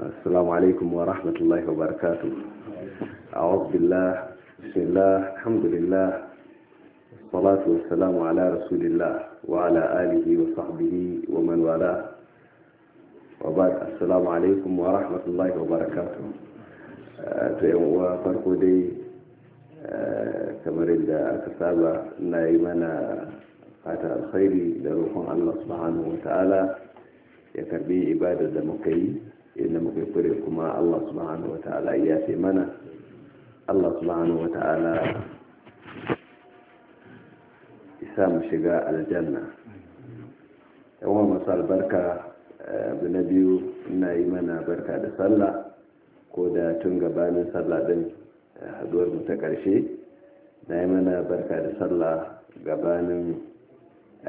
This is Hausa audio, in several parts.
assalamu alaikum wa rahmatullahi wa barakatu a wakilillah bismillah alhamdulillah salatu wa salamu ala rasulillah wa alihi wa wa man wala wa ba wa rahmatullahi wa barakatu eh, ta yi wa farko dai eh, kamar yadda aka saba na yi mana fata alkhairi da roƙon allah subhanahu wa ya karbi ibadar da muka yi inda muka kure kuma Allah subhanahu wata'ala ya ce mana Allah subhanahu wata'ala isa mu shiga aljanna yawan masu albarka abu na biyu ina yi mana barka da sallah ko da tun gabanin sallah din haduwar mu ta karshe na yi mana barka da sallah gabanin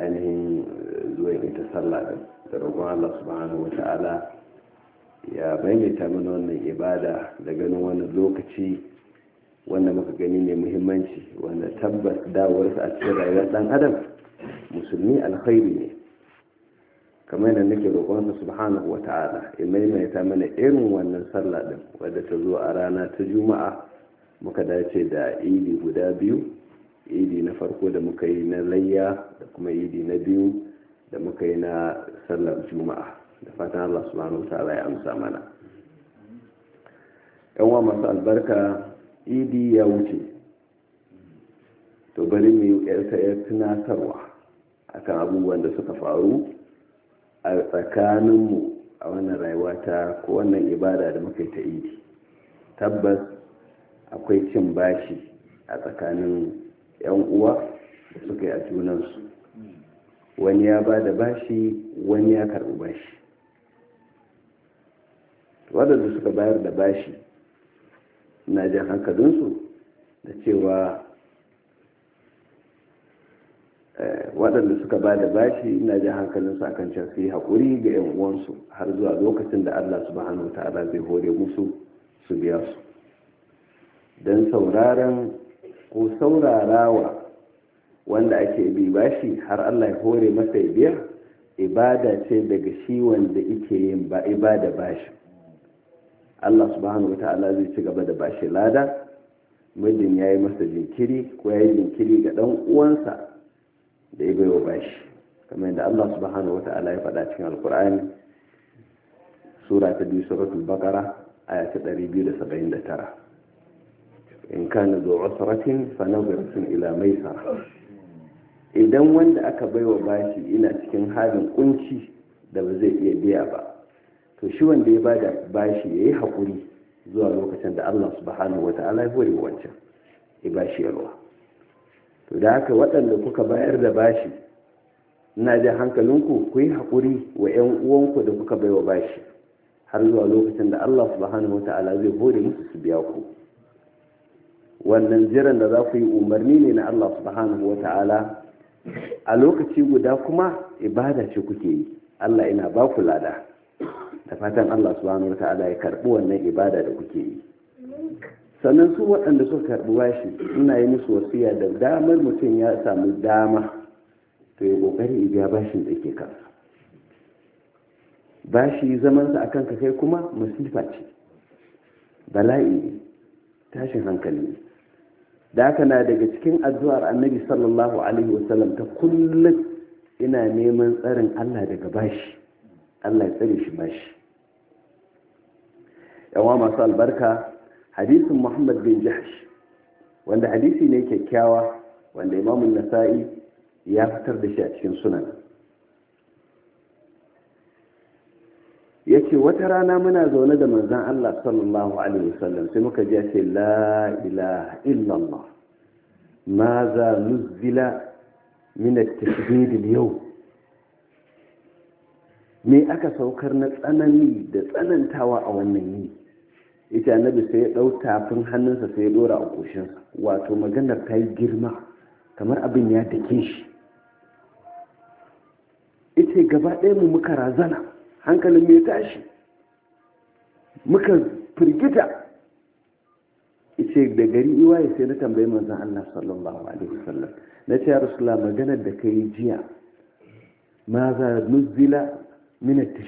ainihin zuwa ita sallah da roƙon Allah subhanahu wata'ala ya maimaita mana wannan ibada da ganin wannan lokaci wanda muka gani mai muhimmanci wanda tabbas dawarsa a cikin rayuwar dan adam musulmi alkhairi ne kamar yadda nake sa subhanahu wa ya maimaita mana irin wannan sallah din wadda ta zo a rana ta juma'a muka dace da idi guda biyu idi na farko da muka yi na layya da kuma idi na biyu da muka yi na sallar juma'a da fatan Allah subhanahu ta'ala ya amsa mana yanwa masu albarka idi ya wuce to bari mu yi yarta ya tunatarwa akan abubuwan da suka faru a tsakaninmu a wannan rayuwa ta ko wannan ibada da muka ta idi tabbas akwai cin bashi a tsakanin 'yan uwa da suka yi a junansu wani ya ba da bashi wani ya karɓi bashi waɗanda suka bayar da bashi na jan hankalinsu da cewa eh, waɗanda suka ba da bashi na jan hankalinsu akan can su yi haƙuri ga 'yan uwansu har zuwa lokacin da allah su wa ta'ala zai hore musu su biya su don sauraron ko saurarawa wanda ake bi bashi har allah ya hore masa ya biya ibada ce daga shi wanda ike yin ba ibada bashi Allah subhanahu ta'ala zai ci gaba da bashi lada mijin ya yi masa jinkiri ko ya yi jinkiri ga ɗan uwansa da ya baiwa bashi kamar yadda Allah subhanahu ta'ala ya faɗa cikin alkur'ani sura ta biyu suratul baqara aya ta 279 in kana zo asaratin fanazaratin ila maisara idan wanda aka baiwa bashi ina cikin halin kunci da ba zai iya biya ba to shi wanda ya bada bashi ya yi haƙuri zuwa lokacin da allah subhanahu wa ta'ala ya wuri wancan ya bashi yalwa to da haka waɗanda kuka bayar da bashi ina jan hankalinku ku yi haƙuri wa 'yan uwanku da kuka baiwa bashi har zuwa lokacin da allah subhanahu wa ta'ala zai hore musu su biya ku wannan jiran da za ku yi umarni ne na allah subhanahu wa ta'ala a lokaci guda kuma ibada ce kuke yi allah ina ba ku lada da fatan Allah subhanahu wata'ala ya karɓi wannan ibada da kuke yi sannan su waɗanda suka karɓi bashi suna yi musu wasiya da damar mutum ya samu dama to ya ƙoƙari ya biya bashin da ke kansa bashi zamansa a kanka kai kuma masifa ce bala'i ne tashin hankali ne da haka na daga cikin addu'ar annabi sallallahu alaihi wasallam ta kullum ina neman tsarin Allah daga bashi Allah ya tsare shi bashi yawa masu albarka hadisin muhammad bin jahsh wanda hadisi ne kyakkyawa wanda imamun nasa'i ya fitar da shi a cikin sunan ya ce wata rana muna zaune da manzan allah sallallahu alaihi wasallam sai muka ji ce la ilaha illallah ma za nuzila min at-tashdid yau me aka saukar na tsanani da tsanantawa a wannan yini yace annabi sai ya dau tafin hannunsa sai ya dora a koshinsa wato maganar ta yi girma kamar abin ya dake shi ita gaba ɗaya mu muka razana hankalin mai tashi muka firgita ita da gari iwaye sai na tambayi manzan Allah sallallahu alaihi wasallam na ce ya maganar da ka yi jiya ma za nuzila min at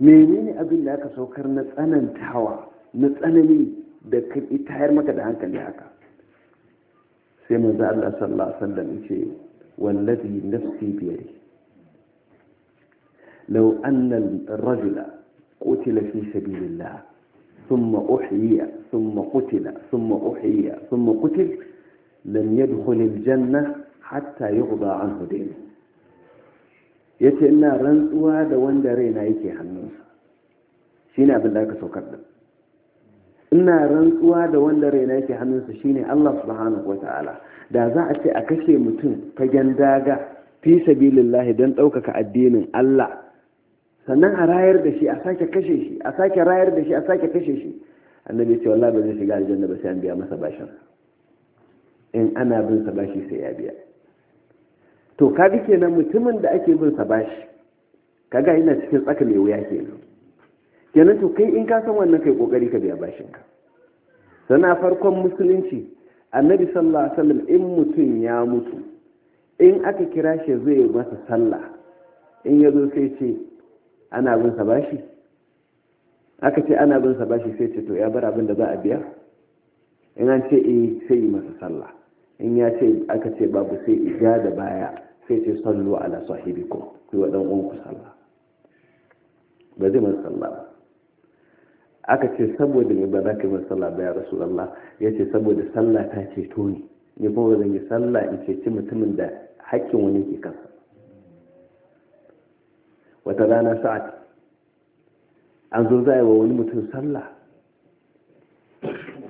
menene abin da aka saukar na tsanantawa نتأنيني دكتور إتحير ما كده عنك ليهاك هكا ذا الله صلى الله عليه وسلم يقول والذي نفسي بيده لو أن الرجل قتل في سبيل الله ثم أحيي ثم قتل ثم أحيي ثم قتل لم يدخل الجنة حتى يغضى عنه دينه يتي إنا رنسوا هذا وندرين دارينا إيكي حنوسا شين أبن الله كسو كردم ina rantsuwa da wanda raina yake hannunsa shine Allah subhanahu wata'ala da za a ce a kashe mutum fagen daga fi sabilillahi don ɗaukaka addinin Allah sannan a rayar da shi a sake kashe shi a sake rayar da shi a sake kashe shi annabi ce wallahi ba zai shiga aljanna ba sai an biya masa bashin in ana bin sa bashi sai ya biya to kaga kenan mutumin da ake bin sa bashi kaga ina cikin tsaka mai wuya kenan kenan to kai in ka san wannan kai kokari ka biya bashin ka sana farkon musulunci annabi sallallahu alaihi wasallam in mutum ya mutu in aka kira shi zai masa sallah in ya zo sai ce ana bin sa bashi aka ce ana bin sa bashi sai ce to ya bar abin da za a biya in an ce eh sai yi masa sallah in ya ce aka ce babu sai iga da baya sai ce sallu ala sahibikum ku wa dan uwanku sallah ba zai masa sallah ba aka ce saboda me ba za ka yi min sallah ba ya rasulullah ya ce saboda sallah ta ce ni ni kuma zan yi sallah in ceci mutumin da hakkin wani ke kansa wata rana sa'ad an zo za wa wani mutum sallah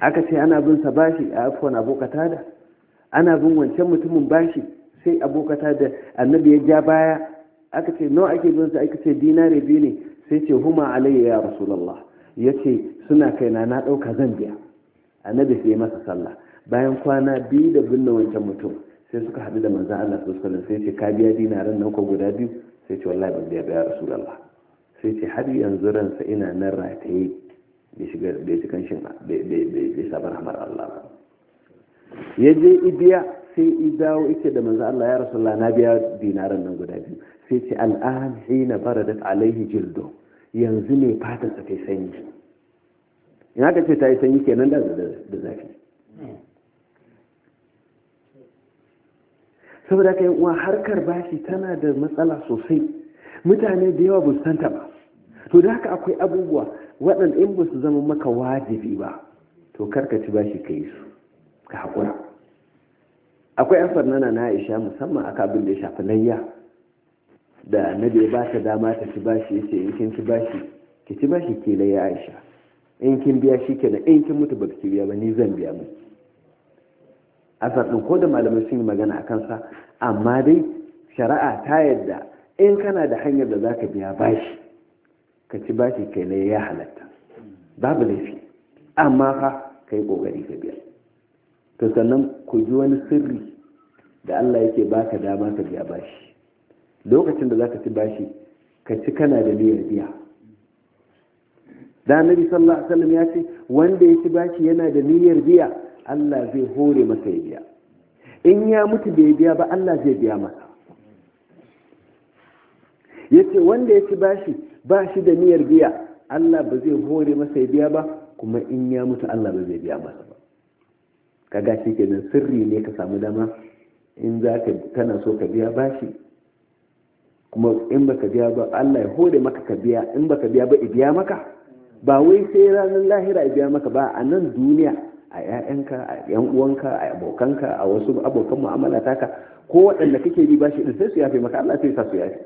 aka ce ana bin sa bashi a afuwan abokata da ana bin wancan mutumin bashi sai abokata da annabi ya ja baya aka ce nawa ake bin sa aka ce dinare biyu ne sai ce huma alayya ya rasulullah ya ce suna kaina na ɗauka zan biya annabi sai masa sallah bayan kwana biyu da binne wancan mutum sai suka haɗu da manzan Allah su sallam sai ce ka biya dinaran nan ko guda biyu sai ce wallahi ban biya biya rasulullah sai ce har yanzu ransa ina nan rataye bai shiga bai shiga shin bai sabar hamar Allah ba ya je ibiya sai i dawo yake da manzan Allah ya rasu rasulullah na biya dinaran nan guda biyu sai ce al'an hina baradat alaihi jildo yanzu ne fatan ta yi sanyi Ina ka ce ta yi sanyi kenan da da zafi saboda kai uwa harkar bashi tana da matsala sosai mutane da yawa ba ta ba to da haka akwai abubuwa waɗanda in ba su zama maka wajibi ba to karka ci bashi ka yi su ka haƙura akwai yan farnana na aisha musamman aka abin da ya shafi layya da annabi ya ba ta dama ta ci bashi ya ce in kin ci bashi ki ci bashi ke na ya aisha in kin biya shi kenan in kin mutu ba ki biya ba ni zan biya mu asar ɗin ko da malamai sun yi magana a kansa amma dai shari'a ta yadda in kana da hanyar da za ka biya bashi ka ci bashi ke ya halatta babu laifi amma fa ka yi ƙoƙari ka biya to sannan ku ji wani sirri da allah yake baka dama ka biya bashi lokacin da za ka ci bashi ka ci kana da niyyar biya da nabi sallallahu alaihi wasallam ya ce wanda ya ci bashi yana da niyyar biya Allah zai hore masa ya biya in ya mutu bai biya ba Allah zai biya masa yace wanda ya ci bashi ba shi da niyyar biya Allah ba zai hore masa ya biya ba kuma in ya mutu Allah ba zai biya masa ba kaga shi kenan sirri ne ka samu dama in za ka tana so ka biya bashi kuma in baka biya ba Allah ya hore maka ka biya in baka biya ba biya maka ba wai sai ranar lahira biya maka ba a nan duniya a ƴaƴanka, a ƴan uwanka a abokanka a wasu abokan mu'amala taka ko waɗanda kake bi bashi din sai su yafe maka Allah sai sa su yafe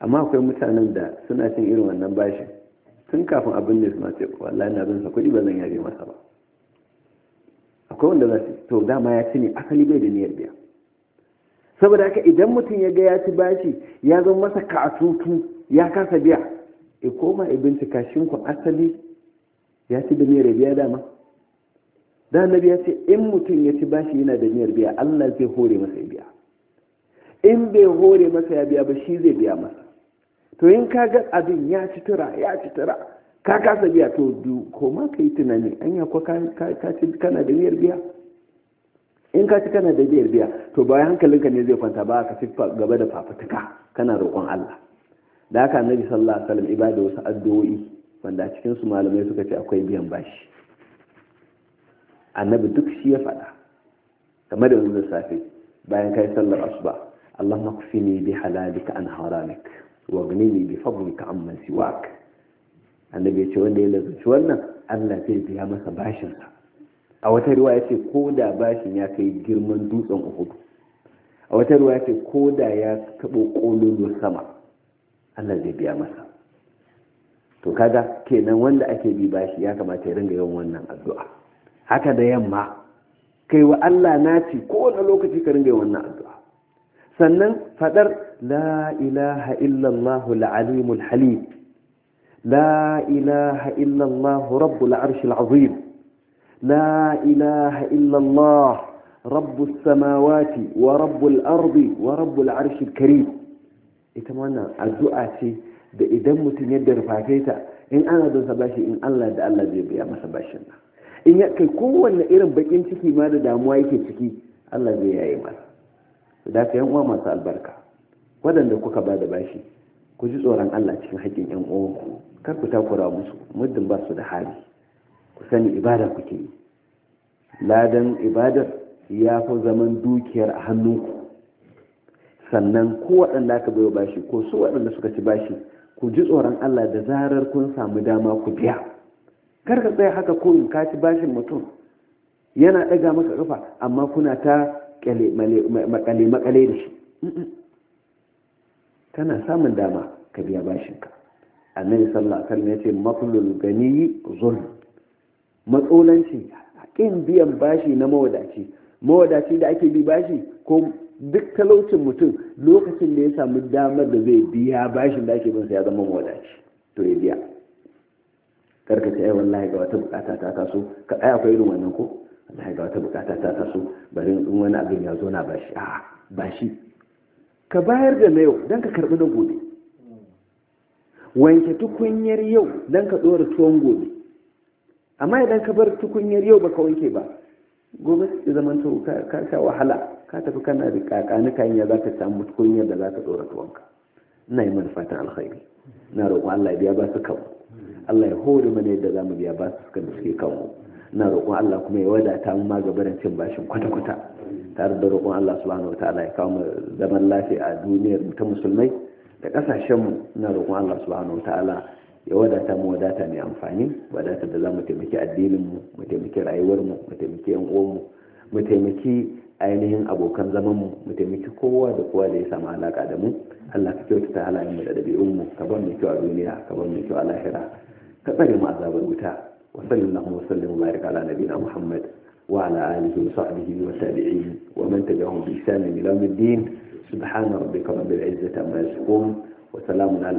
amma akwai mutanen da suna cin irin wannan bashi tun kafin abin ne suna ce wallahi na bin sa kuɗi ba zan yafe masa ba akwai wanda za su to dama ya ci ne asali bai da niyyar biya saboda haka idan mutum ya ga ya ci bashi ya zama masa ka'atutu ya kasa biya e koma e bincika shin ku asali ya ci da niyyar biya dama da annabi ya ce in mutum ya ci bashi yana da miyar biya Allah zai hore masa ya biya in bai hore masa ya biya ba shi zai biya masa to in ka ga abin ya ci tura ya ci tura ka kasa biya to koma ka tunani anya ko ka kana da miyar biya in ka ci kana da biyar biya to bayan hankalinka ne zai kwanta ba ka fi gaba da fafutuka kana roƙon Allah da haka annabi sallallahu alaihi wasallam ibada wasu addu'o'i wanda cikin su malamai suka ce akwai biyan bashi annabi duk shi ya faɗa kamar da wannan safe bayan kai sallar asuba Allah makfini bi halalika an haramik wa gnini bi fadlika amma siwak annabi ya ce wanda ya lazuci wannan Allah zai biya masa bashin bashinsa a wata ruwa ya ko da bashin ya kai girman dutsen uhud a wata ruwa ya ce ko da ya taɓo ƙololo sama allah zai biya masa to kaga kenan wanda ake bi bashi ya kamata ya ringa yawan wannan addu'a haka da yamma kai wa allah naci kowane lokaci ka ringa yawan wannan addu'a sannan fadar la ilaha illallah al-alimul halim la ilaha illallah rabbul arshil azim لا إله إلا الله رب السماوات ورب الأرض ورب العرش الكريم إتمنى الدعاء da idan mutum ya darfafe ta in ana don sa bashi in Allah da Allah zai biya masa bashin nan in ya kai kowanne irin bakin ciki ma da damuwa yake ciki Allah zai yayi masa da yan uwa masu albarka waɗanda kuka ba da bashi ku ji tsoron Allah cikin haƙƙin yan uwanku kar ku takura musu muddin ba su da hali ku sani ibada kuke yi ladan ibadar ya fi zaman dukiyar a hannunku sannan ko waɗanda aka bai bashi ko su waɗanda suka ci bashi ku ji tsoron Allah da zarar kun samu dama ku biya kar ka tsaya haka ko ka ci bashin mutum yana ɗaga maka kafa amma kuna ta makale makale da shi kana samun dama ka biya bashinka annabi sallallahu alaihi wasallam ya ce matlul ganiyi zulm matsolanci ƙin biyan bashi na mawadaci mawadaci da ake bi bashi ko duk talaucin mutum lokacin da ya samu damar da zai biya bashin da ake sa ya zama mawadaci to ya biya karkace ai wallahi ga wata bukata ta taso ka ai akwai irin wannan ko wallahi ga wata bukata ta taso bari in wani abin ya zo na bashi a bashi ka bayar da na yau dan ka karbi na gobe wanke tukunyar yau dan ka dora tuwon gobe amma idan ka bar tukunyar yau ba baka wanke ba gobe ya zama to ka sha wahala ka tafi kana da kakani yi ya zaka samu tukunyar da zaka dora tuwanka ina yi mana fatan alkhairi na roƙo Allah ya biya ba su kanmu Allah ya hori mana yadda zamu biya ba su kan da suke kanmu na roƙon Allah kuma ya wadata mu ma gabaran cin bashin kwata-kwata tare da roƙon Allah subhanahu ta'ala ya kawo mu zaman lafiya a duniyar ta musulmai da ƙasashen mu na roƙon Allah subhanahu ta'ala. ya wadata mu wadata mai amfani wadata da za mu taimaki addininmu mu taimaki rayuwarmu mu taimaki yan uwanmu mu taimaki ainihin abokan zamanmu mu taimaki kowa da kowa da ya samu alaka da mu Allah ka kyautata halayenmu da ɗabi'unmu ka bar mai kyau a duniya ka bar mai kyau a lahira ka tsare mu azabar wuta wa sallallahu wa sallam barik ala nabiyina muhammad wa ala alihi wa sahbihi wa tabi'in wa man tabi'ahum bi ihsan ila yawmiddin subhana rabbika rabbil izzati amma yasifun wa salamun ala